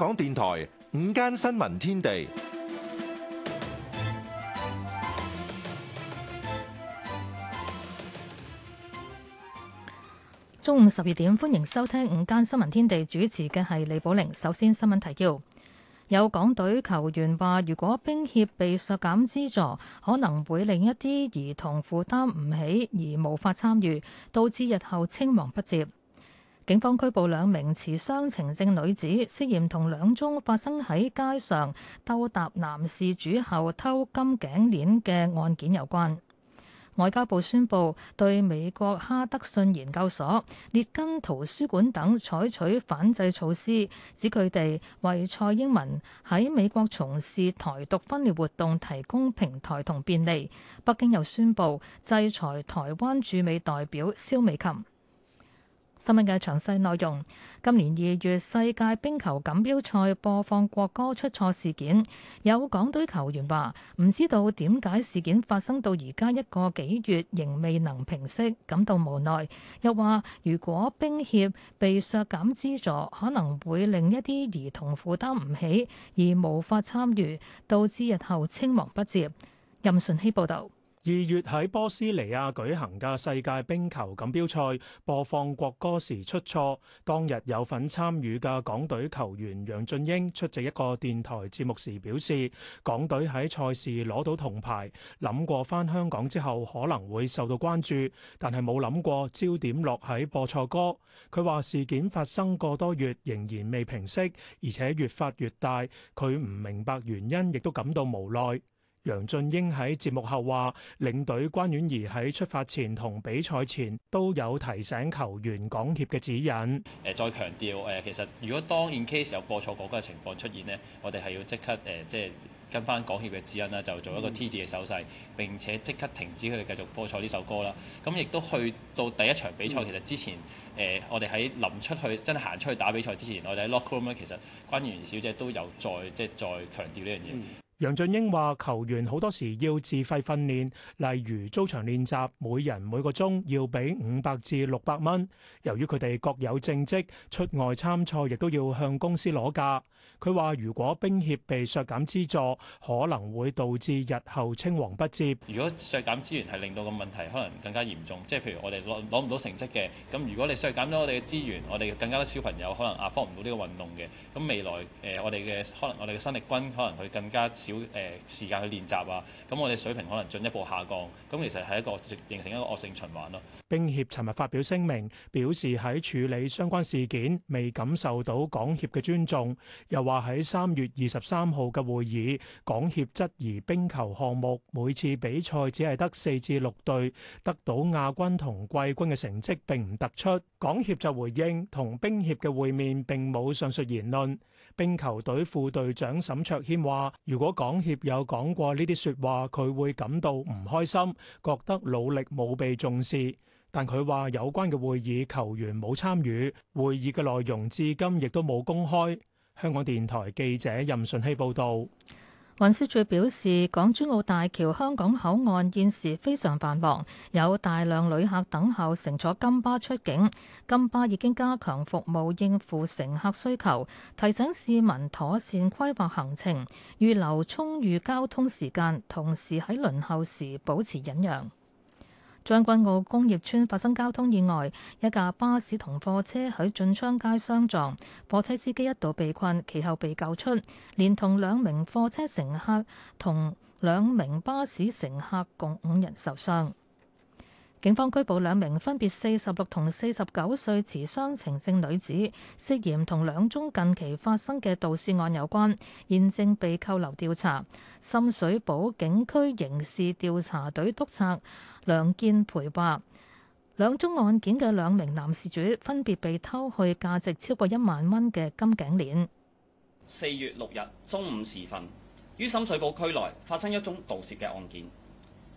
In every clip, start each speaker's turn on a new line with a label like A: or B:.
A: 港電台午
B: 間新聞天地，中午十二點，歡迎收聽午間新聞天地，主持嘅係李寶玲。首先新聞提要：有港隊球員話，如果冰協被削減資助，可能會令一啲兒童負擔唔起而無法參與，導致日後青黃不接。警方拘捕兩名持雙程證女子，涉嫌同兩宗發生喺街上兜搭男事主後偷金頸鏈嘅案件有關。外交部宣布對美國哈德遜研究所、列根圖書館等採取反制措施，指佢哋為蔡英文喺美國從事台獨分裂活動提供平台同便利。北京又宣布制裁台灣駐美代表蕭美琴。新聞嘅詳細內容：今年二月世界冰球錦標賽播放國歌出錯事件，有港隊球員話唔知道點解事件發生到而家一個幾月仍未能平息，感到無奈。又話如果冰協被削減資助，可能會令一啲兒童負擔唔起而無法參與，導致日後青黃不接。任順希報導。二
A: 月喺波斯尼亞舉行嘅世界冰球錦標賽播放國歌時出錯，當日有份參與嘅港隊球員楊俊英出席一個電台節目時表示，港隊喺賽事攞到銅牌，諗過返香港之後可能會受到關注，但係冇諗過焦點落喺播錯歌。佢話事件發生個多月仍然未平息，而且越發越大，佢唔明白原因，亦都感到無奈。楊俊英喺節目後話，領隊關婉儀喺出發前同比賽前都有提醒球員港協嘅指引。
C: 誒、呃，再強調誒，其實如果當 in case 有播錯國家嘅情況出現呢，我哋係要即刻誒、呃，即係跟翻港協嘅指引啦，就做一個 T 字嘅手勢，嗯、並且即刻停止佢哋繼續播錯呢首歌啦。咁亦都去到第一場比賽，嗯、其實之前誒、呃，我哋喺臨出去真係行出去打比賽之前，我哋喺 locker room 咧，其實關婉儀小姐都有再即係再強調呢樣嘢。嗯
A: 楊俊英話：球員好多時要自費訓練，例如租場練習，每人每個鐘要俾五百至六百蚊。由於佢哋各有正職，出外參賽亦都要向公司攞假。佢話如果冰協被削減資助，可能會導致日後青黃不接。
D: 如果削
C: 減資源係令到個問題可能更加嚴重，即係譬如我哋攞攞唔到成績嘅，咁如果你削減咗我哋嘅資源，我哋更加多小朋友可能阿方唔到呢個運動嘅，咁未來誒、呃、我哋嘅可能我哋嘅新力軍可能佢更加。表誒時間去練習啊，咁我哋水平可能進一步下降，咁其實係一個形成一個惡性循環咯。
A: 冰協尋日發表聲明，表示喺處理相關事件未感受到港協嘅尊重，又話喺三月二十三號嘅會議，港協質疑冰球項目每次比賽只係得四至六隊，得到亞軍同季軍嘅成績並唔突出。港協就回應，同冰協嘅會面並冇上述言論。冰球隊副隊長沈卓謙話，如果港協有講過呢啲説話，佢會感到唔開心，覺得努力冇被重視。但佢話有關嘅會議，球員冇參與，會議嘅內容至今亦都冇公開。香港電台記者任順希報導。
B: 運輸署表示，港珠澳大橋香港口岸現時非常繁忙，有大量旅客等候乘坐金巴出境。金巴已經加強服務應付乘客需求，提醒市民妥善規劃行程，預留充裕交通時間，同時喺輪候時保持忍讓。將軍澳工業村發生交通意外，一架巴士同貨車喺晉昌街相撞，貨車司機一度被困，其後被救出，連同兩名貨車乘客同兩名巴士乘客共五人受傷。警方拘捕兩名分別四十六同四十九歲持雙程證女子，涉嫌同兩宗近期發生嘅盜竊案有關，現正被扣留調查。深水埗警區刑事調查隊督察梁建培話：兩宗案件嘅兩名男事主分別被偷去價值超過一萬蚊嘅金頸鏈。
D: 四月六日中午時分，於深水埗區內發生一宗盜竊嘅案件。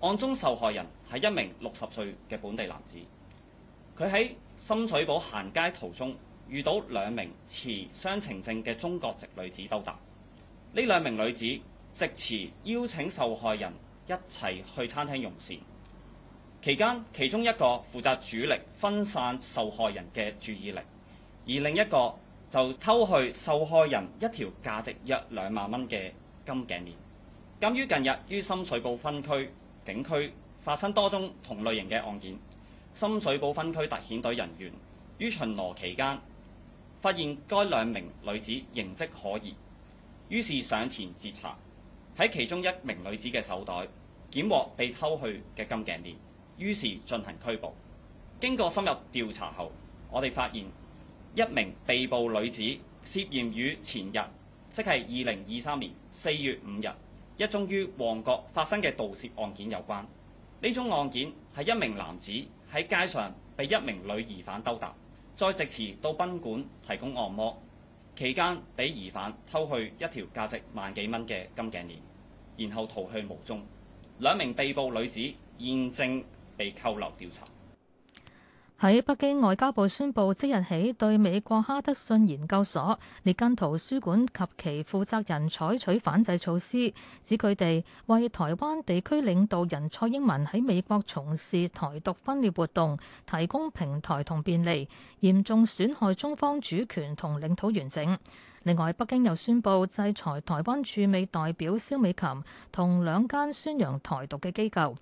D: 案中受害人係一名六十歲嘅本地男子，佢喺深水埗行街途中遇到兩名持雙程證嘅中國籍女子兜搭。呢兩名女子藉詞邀請受害人一齊去餐廳用膳。期間其中一個負責主力分散受害人嘅注意力，而另一個就偷去受害人一條價值約兩萬蚊嘅金頸鏈。咁於近日於深水埗分區。景區發生多宗同類型嘅案件，深水埗分區特遣隊人員於巡邏期間發現該兩名女子形跡可疑，於是上前截查，喺其中一名女子嘅手袋檢獲被偷去嘅金頸鏈，於是進行拘捕。經過深入調查後，我哋發現一名被捕女子涉嫌於前日，即係二零二三年四月五日，一宗於旺角發生嘅盜竊案件有關，呢宗案件係一名男子喺街上被一名女疑犯兜搭，再藉詞到賓館提供按摩，期間俾疑犯偷去一條價值萬幾蚊嘅金頸鏈，然後逃去無蹤。兩名被捕女子現正被扣留調查。
B: 喺北京外交部宣布，即日起對美國哈德遜研究所、列根圖書館及其負責人採取反制措施，指佢哋為台灣地區領導人蔡英文喺美國從事台獨分裂活動提供平台同便利，嚴重損害中方主權同領土完整。另外，北京又宣布制裁台灣駐美代表蕭美琴同兩間宣揚台獨嘅機構。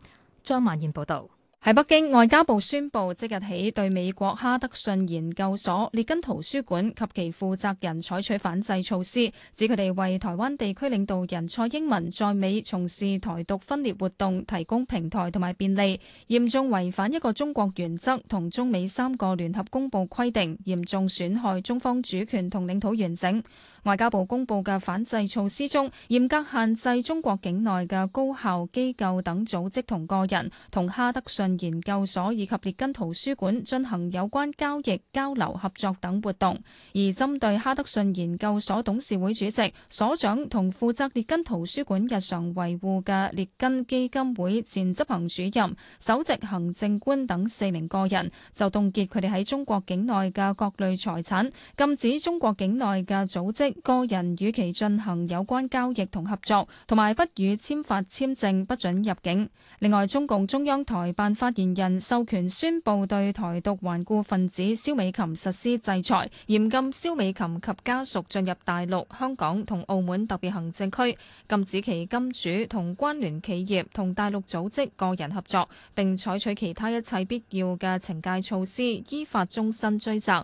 B: 張曼燕報道。
E: 喺北京，外交部宣布即日起對美國哈德遜研究所、列根圖書館及其負責人採取反制措施，指佢哋為台灣地區領導人蔡英文在美從事台獨分裂活動提供平台同埋便利，嚴重違反一個中國原則同中美三個聯合公報規定，嚴重損害中方主權同領土完整。外交部公布嘅反制措施中，嚴格限制中國境內嘅高校、機構等組織同個人同哈德遜。研究所以及列根圖書館進行有關交易、交流、合作等活動。而針對哈德遜研究所董事會主席、所長同負責列根圖書館日常維護嘅列根基金會前執行主任、首席行政官等四名個人，就凍結佢哋喺中國境內嘅各類財產，禁止中國境內嘅組織、個人與其進行有關交易同合作，同埋不予簽發簽證、不准入境。另外，中共中央台辦。發言人授權宣布對台獨頑固分子蕭美琴實施制裁，嚴禁蕭美琴及家屬進入大陸、香港同澳門特別行政區，禁止其金主同關聯企業同大陸組織個人合作，并采取其他一切必要嘅懲戒措施，依法終身追責。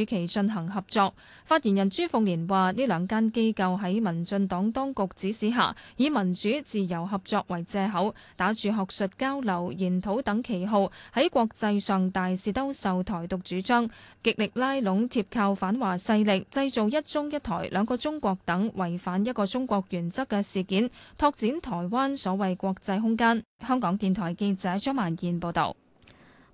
E: 與其進行合作，發言人朱鳳蓮話：呢兩間機構喺民進黨當局指使下，以民主自由合作為藉口，打住學術交流、研討等旗號，喺國際上大肆兜售台獨主張，極力拉攏貼靠反華勢力，製造一中一台、兩個中國等違反一個中國原則嘅事件，拓展台灣所謂國際空間。香港電台記者
B: 張萬燕報導。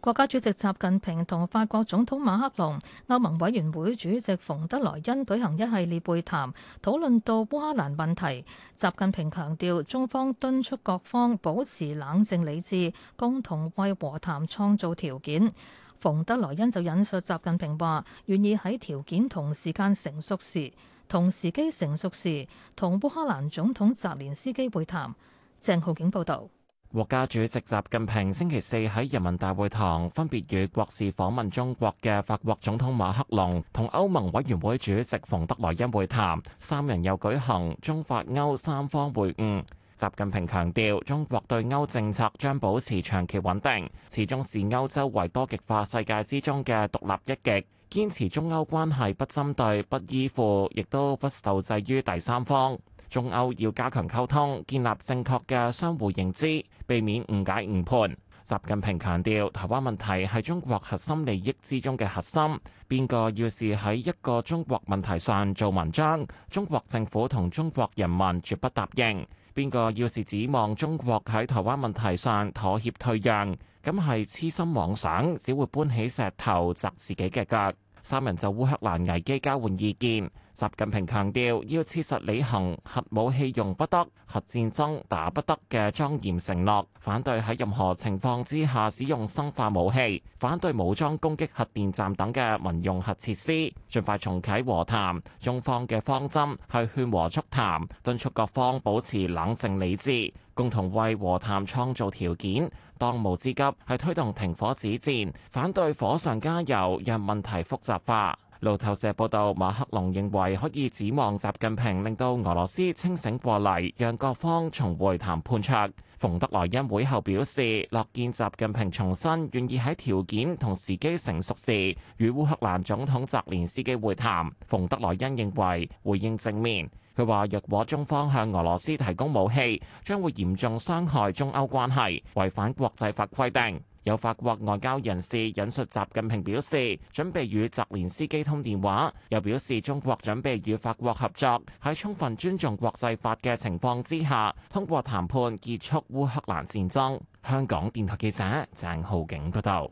B: 國家主席習近平同法國總統馬克龍、歐盟委員會主席馮德萊恩舉行一系列會談，討論到烏克蘭問題。習近平強調，中方敦促各方保持冷靜理智，共同為和談創造條件。馮德萊恩就引述習近平話，願意喺條件同時間成熟時，同時機成熟時，同烏克蘭總統澤連斯基會談。鄭浩景報導。
C: 國家主席習近平星期四喺人民大會堂分別與國事訪問中國嘅法國總統馬克龍同歐盟委員會主席馮德萊恩會談，三人又舉行中法歐三方會晤。習近平強調，中國對歐政策將保持長期穩定，始終是歐洲為多極化世界之中嘅獨立一極，堅持中歐關係不針對、不依附，亦都不受制於第三方。中歐要加強溝通，建立正確嘅相互認知，避免誤解誤判。習近平強調，台灣問題係中國核心利益之中嘅核心。邊個要是喺一個中國問題上做文章，中國政府同中國人民絕不答應。邊個要是指望中國喺台灣問題上妥協退讓，咁係痴心妄想，只會搬起石頭砸自己嘅腳。三人就烏克蘭危機交換意見。習近平強調，要切實履行核武器用不得、核戰爭打不得嘅莊嚴承諾，反對喺任何情況之下使用生化武器，反對武裝攻擊核電站等嘅民用核設施，盡快重啟和談。中方嘅方針係勸和促談，敦促各方保持冷靜理智，共同為和談創造條件。當務之急係推動停火止戰，反對火上加油，讓問題複雜化。路透社報道，馬克龍認為可以指望習近平令到俄羅斯清醒過嚟，讓各方重回談判桌。馮德萊恩會後表示，樂見習近平重新願意喺條件同時機成熟時與烏克蘭總統澤連斯基會談。馮德萊恩認為回應正面，佢話若果中方向俄羅斯提供武器，將會嚴重傷害中歐關係，違反國際法規定。有法國外交人士引述習近平表示，準備與澤連斯基通電話，又表示中國準備與法國合作，喺充分尊重國際法嘅情況之下，通過談判結束烏克蘭戰爭。香港電台記者鄭浩景報道。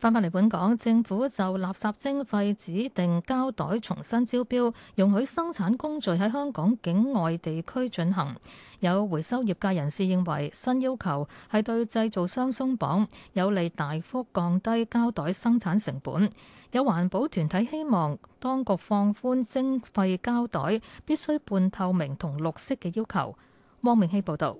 B: 翻返嚟本港，政府就垃圾徵費指定膠袋重新招標，容許生產工序喺香港境外地區進行。有回收業界人士認為新要求係對製造商鬆綁，有利大幅降低膠袋生產成本。有環保團體希望當局放寬徵費膠袋必須半透明同綠色嘅要求。汪明熙報道。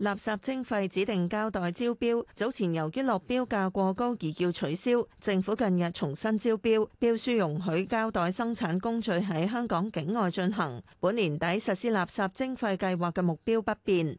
F: 垃圾徵費指定膠袋招標，早前由於落標價過高而要取消，政府近日重新招標，標書容許膠袋生產工序喺香港境外進行。本年底實施垃圾徵費計劃嘅目標不變。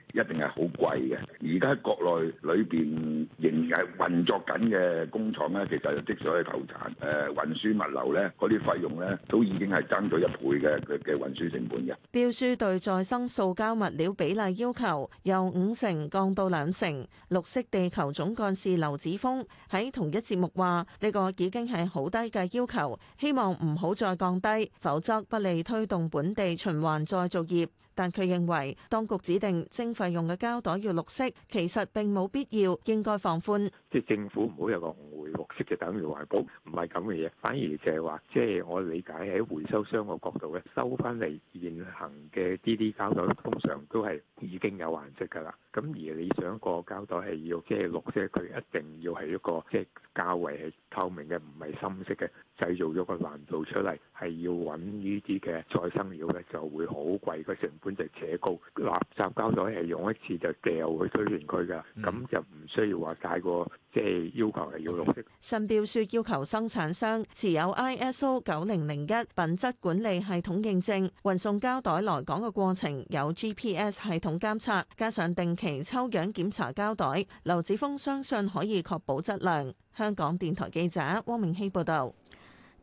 D: 一定係好貴嘅，而家喺國內裏邊仍然係運作緊嘅工廠咧，其實即使可以投產。誒，運輸物流咧，嗰啲費用咧，都已經係增咗一倍嘅嘅運輸成本嘅。
F: 標書對再生塑膠物料比例要求由五成降到兩成，綠色地球總幹事劉子峰喺同一節目話：呢、呢個已經係好低嘅要求，希望唔好再降低，否則不利推動本地循環再造業。但佢認為當局指定徵費用嘅膠袋要綠色，其實並冇必要，應該放寬，
A: 即係政府唔好有個誤會綠色嘅等於環保，唔係咁嘅嘢。反而就係話即係我理解喺回收商個角度咧，收翻嚟現行嘅呢啲膠袋，通常都係已經有顏色噶啦。咁而你想個膠袋係要即係、就是、綠色，佢一定要係一個即係較為係透明嘅，唔係深色嘅，製造咗個難度出嚟，係要揾呢啲嘅再生料咧，就會好貴個成本。本質且高，垃圾膠袋係用一次就掉去堆填區㗎，咁就唔需要話大過，即係要求係要用綠色。
F: 新標書要求生產商持有 ISO 九零零一品質管理系統認證，運送膠袋來港嘅過程有 GPS 系統監測，加上定期抽樣檢查膠袋。劉子
B: 峰相信可以確保質量。香港電台記者汪明希報道。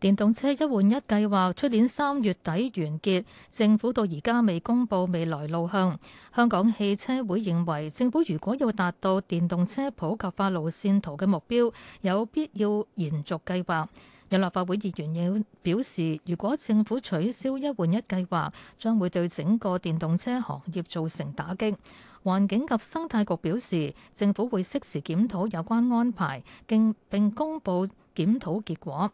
B: 電動車一換一計劃出年三月底完結，政府到而家未公布未來路向。香港汽車會認為，政府如果要達到電動車普及化路線圖嘅目標，有必要延續計劃。有立法會議員亦表示，如果政府取消一換一計劃，將會對整個電動車行業造成打擊。環境及生態局表示，政府會適時檢討有關安排，並並公佈檢討結果。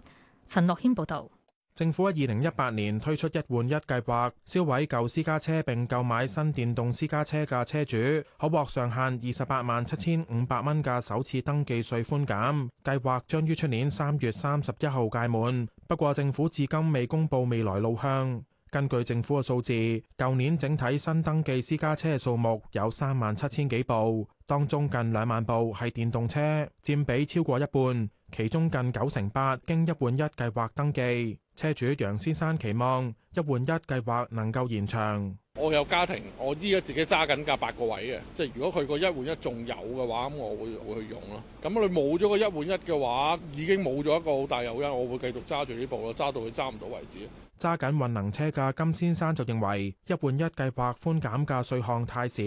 B: 陳樂謙報道，
G: 政府喺二零一八年推出一換一計劃，銷毀舊私家車並購買新電動私家車嘅車主，可獲上限二十八萬七千五百蚊嘅首次登記稅寬減。計劃將於出年三月三十一號屆滿。不過，政府至今未公布未來路向。根據政府嘅數字，舊年整體新登記私家車嘅數目有三萬七千幾部，當中近兩萬部係電動車，占比超過一半。其中近九成八經一換一計劃登記。車主楊先生期望一換一計劃能夠延長。我有家庭，我依家自己揸緊架八個位嘅，即係如果佢個一換一仲有嘅話，咁我會會去用咯。咁你冇咗個一換一嘅話，已經冇咗一個好大誘因，我會繼續揸住呢
A: 部咯，揸到佢揸唔到為止。
G: 揸緊混能車嘅金先生就認為一換一計劃寬減價稅項太少，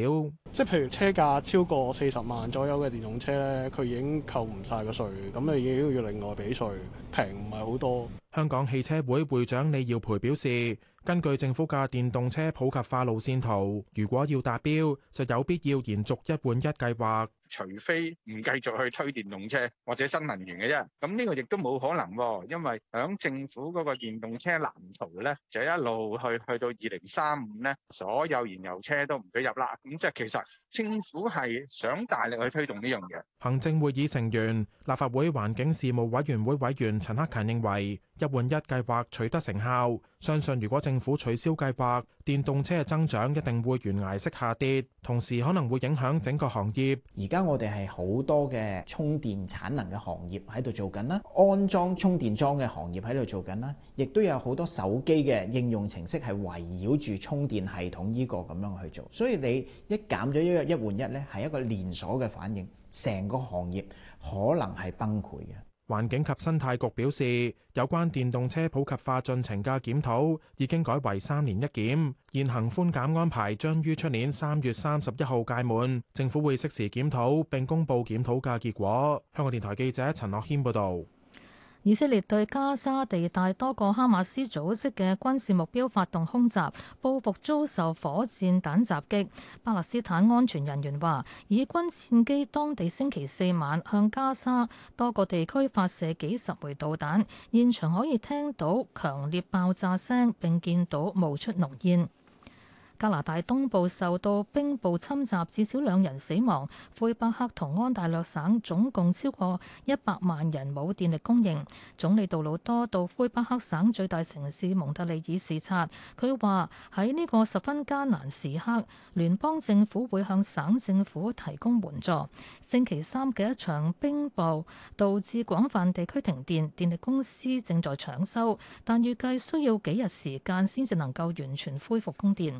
G: 即係譬如車價超過四十萬左右嘅電動車
A: 咧，佢已經扣唔晒個稅，咁你已經要另外俾稅，平唔係好多。
G: 香港汽車會會長李耀培表示。根據政府嘅電動車普及化路線圖，如果要達標，就有必要延續一換一計劃。
A: 除非唔繼續去推電動車或者新能源嘅啫，咁呢個亦都冇可能，因為響政府嗰個電動車藍圖呢，就一路去去到二零三五呢，所有燃油車都唔俾入啦。咁即係其實政府係想大力去推動呢樣嘢。
G: 行政會議成員、立法會環境事務委員會委員陳克勤認為，一換一計劃取得成效，相信如果政政府取消計劃，電動車嘅增長一定會懸崖式下跌，同時可能會影響整個行業。而家我哋係好多嘅充電產能嘅行業喺度做緊啦，安裝充電樁嘅行業喺度
C: 做緊啦，亦都有好多手機嘅應用程式係圍繞住充電系統呢個咁樣去做。所以你一減咗一一換一咧，係一個連鎖嘅反應，成個
G: 行業可能係崩潰嘅。環境及生態局表示，有關電動車普及化進程嘅檢討已經改為三年一檢，現行寬減安排將於出年三月三十一號屆滿，政府會適時檢討，並公布檢討嘅結果。香港電台記者陳樂謙報道。
B: 以色列對加沙地帶多個哈馬斯組織嘅軍事目標發動空襲，報復遭受火箭彈襲擊。巴勒斯坦安全人員話，以軍戰機當地星期四晚向加沙多個地區發射幾十枚導彈，現場可以聽到強烈爆炸聲，並見到冒出濃煙。加拿大東部受到冰暴侵襲，至少兩人死亡。魁北克同安大略省總共超過一百萬人冇電力供應，總理杜魯多到魁北克省最大城市蒙特利爾視察。佢話喺呢個十分艱難時刻，聯邦政府會向省政府提供援助。星期三嘅一場冰暴導致廣泛地區停電，電力公司正在搶修，但預計需要幾日時間先至能夠完全恢復供電。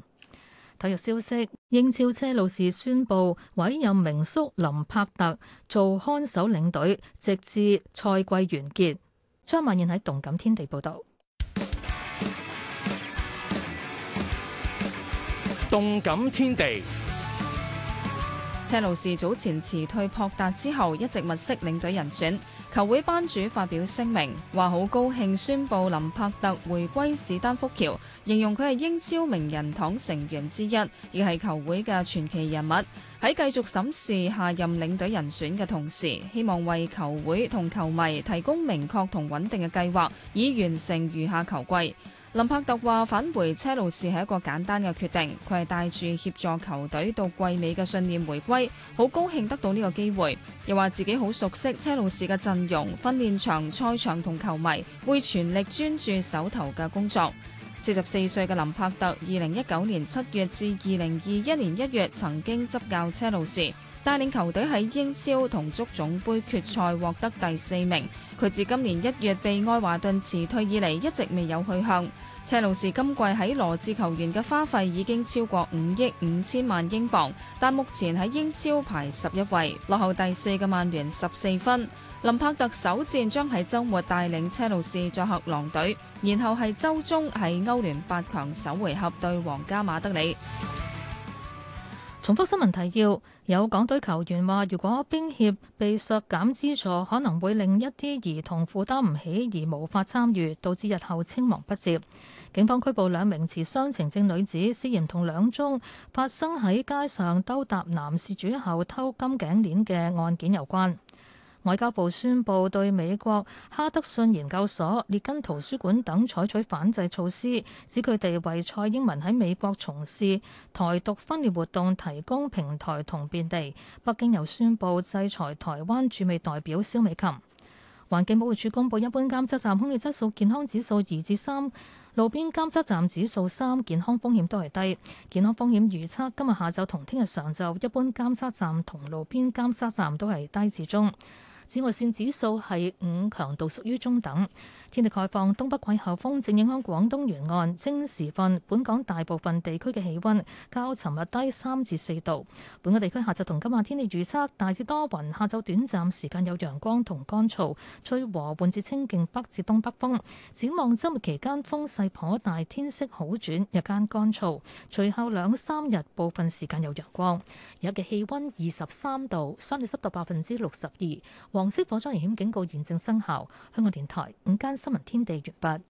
B: 體育消息：英超車路士宣布委任名宿林柏特做看守領隊，直至賽季完結。張曼燕喺動感天地報道。
E: 動感天地，天地車路士早前辭退普達之後，一直物色領隊人選。球會班主發表聲明，話好高興宣布林柏特回歸史丹福橋，形容佢係英超名人堂成員之一，亦係球會嘅傳奇人物。喺繼續審視下任領隊人選嘅同時，希望為球會同球迷提供明確同穩定嘅計劃，以完成餘下球季。林柏特話：返回車路士係一個簡單嘅決定，佢係帶住協助球隊到季尾嘅信念回歸，好高興得到呢個機會。又話自己好熟悉車路士嘅陣容、訓練場、賽場同球迷，會全力專注手頭嘅工作。四十四歲嘅林柏特，二零一九年七月至二零二一年一月曾經執教車路士。帶領球隊喺英超同足總杯決賽獲得第四名。佢自今年一月被愛華頓辭退以嚟，一直未有去向。車路士今季喺羅致球員嘅花費已經超過五億五千萬英鎊，但目前喺英超排十一位，落後第四嘅曼聯十四分。林柏特首戰將喺周末帶領車路士作客狼隊，然後係周中喺歐聯八強首回合對皇家馬德里。
B: 重複新聞提要，有港隊球員話，如果冰協被削減資助，可能會令一啲兒童負擔唔起而無法參與，導致日後青黃不接。警方拘捕兩名持雙程證女子，涉嫌同兩宗發生喺街上兜搭男事主後偷金頸鏈嘅案件有關。外交部宣布對美國哈德遜研究所、列根圖書館等採取反制措施，指佢哋為蔡英文喺美國從事台獨分裂活動提供平台同便利。北京又宣布制裁台灣駐美代表蕭美琴。環境保護署公布一般監測站空氣質素健康指數二至三，路邊監測站指數三，健康風險都係低。健康風險預測今日下晝同聽日上晝一般監測站同路邊監測站都係低至中。紫外線指數係五，強度屬於中等。天氣概況，東北季候風正影響廣東沿岸，清晨時分本港大部分地區嘅氣温較尋日低三至四度。本港地區下晝同今晚天氣預測大致多雲，下晝短暫時間有陽光同乾燥，吹和緩至清勁北至東北風。展望週末期間風勢頗大，天色好轉，日間乾燥。隨後兩三日部分時間有陽光，日嘅氣温二十三度，相對濕度百分之六十二。黃色火災危險警告現正生效。香港電台午間。新聞天地完畢。